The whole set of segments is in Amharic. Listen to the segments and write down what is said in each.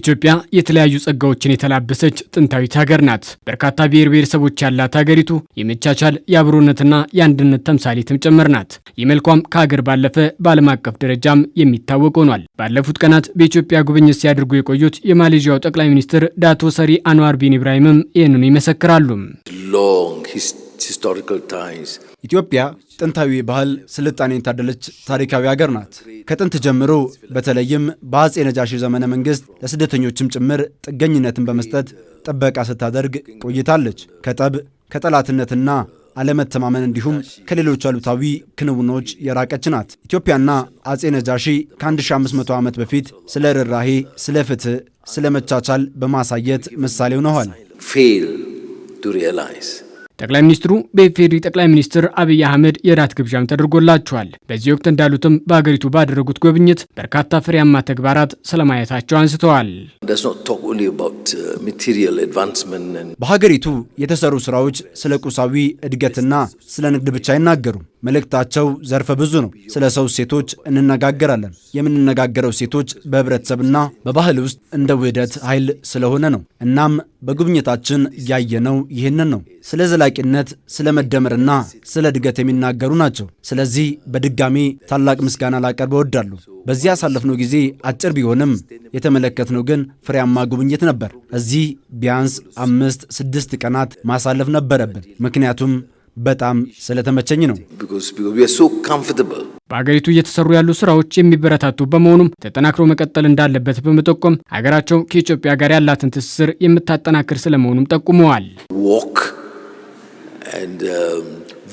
ኢትዮጵያ የተለያዩ ጸጋዎችን የተላበሰች ጥንታዊት ሀገር ናት። በርካታ ብሔር ብሔረሰቦች ያላት ሀገሪቱ የመቻቻል የአብሮነትና የአንድነት ተምሳሌትም ጭምር ናት። የመልኳም ከሀገር ባለፈ በዓለም አቀፍ ደረጃም የሚታወቅ ሆኗል። ባለፉት ቀናት በኢትዮጵያ ጉብኝት ሲያደርጉ የቆዩት የማሌዥያው ጠቅላይ ሚኒስትር ዳቶ ሰሪ አንዋር ቢን ኢብራሂምም ይህንኑ ይመሰክራሉ። ኢትዮጵያ ጥንታዊ ባህል ስልጣኔ የታደለች ታሪካዊ ሀገር ናት። ከጥንት ጀምሮ በተለይም በአጼ ነጃሺ ዘመነ መንግስት ለስደተኞችም ጭምር ጥገኝነትን በመስጠት ጥበቃ ስታደርግ ቆይታለች። ከጠብ ከጠላትነትና አለመተማመን እንዲሁም ከሌሎች አሉታዊ ክንውኖች የራቀች ናት። ኢትዮጵያና አፄ ነጃሺ ከ1500 ዓመት በፊት ስለ ርኅራሄ፣ ስለ ፍትህ፣ ስለ መቻቻል በማሳየት ምሳሌ ሆነዋል። ጠቅላይ ሚኒስትሩ በኢፌዴሪ ጠቅላይ ሚኒስትር አብይ አህመድ የራት ግብዣም ተደርጎላቸዋል። በዚህ ወቅት እንዳሉትም በሀገሪቱ ባደረጉት ጉብኝት በርካታ ፍሬያማ ተግባራት ስለማየታቸው አንስተዋል። uh, በሀገሪቱ የተሰሩ ስራዎች ስለ ቁሳዊ እድገትና ስለ ንግድ ብቻ አይናገሩም። መልእክታቸው ዘርፈ ብዙ ነው። ስለ ሰው ሴቶች እንነጋገራለን። የምንነጋገረው ሴቶች በህብረተሰብና በባህል ውስጥ እንደ ውህደት ኃይል ስለሆነ ነው። እናም በጉብኝታችን ያየነው ይህንን ነው። ስለ ዘላቂነት፣ ስለ መደመርና ስለ እድገት የሚናገሩ ናቸው። ስለዚህ በድጋሚ ታላቅ ምስጋና ላቀርብ እወዳለሁ። በዚህ ያሳለፍነው ጊዜ አጭር ቢሆንም የተመለከትነው ግን ፍሬያማ ጉብኝት ነበር። እዚህ ቢያንስ አምስት ስድስት ቀናት ማሳለፍ ነበረብን ምክንያቱም በጣም ስለተመቸኝ ነው። በአገሪቱ እየተሰሩ ያሉ ስራዎች የሚበረታቱ በመሆኑም ተጠናክሮ መቀጠል እንዳለበት በመጠቆም ሀገራቸው ከኢትዮጵያ ጋር ያላትን ትስስር የምታጠናክር ስለመሆኑም ጠቁመዋል። um,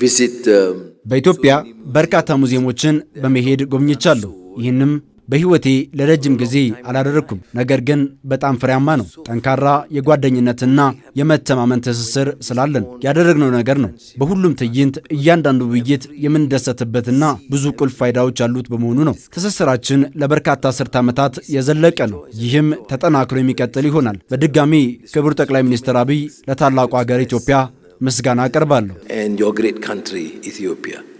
um, በኢትዮጵያ በርካታ ሙዚየሞችን በመሄድ ጎብኝቻለሁ። ይህንም በሕይወቴ ለረጅም ጊዜ አላደረግኩም፣ ነገር ግን በጣም ፍሬያማ ነው። ጠንካራ የጓደኝነትና የመተማመን ትስስር ስላለን ያደረግነው ነገር ነው። በሁሉም ትዕይንት፣ እያንዳንዱ ውይይት የምንደሰትበትና ብዙ ቁልፍ ፋይዳዎች ያሉት በመሆኑ ነው። ትስስራችን ለበርካታ አስርት ዓመታት የዘለቀ ነው። ይህም ተጠናክሮ የሚቀጥል ይሆናል። በድጋሚ ክቡር ጠቅላይ ሚኒስትር አብይ ለታላቁ ሀገር ኢትዮጵያ ምስጋና አቀርባለሁ።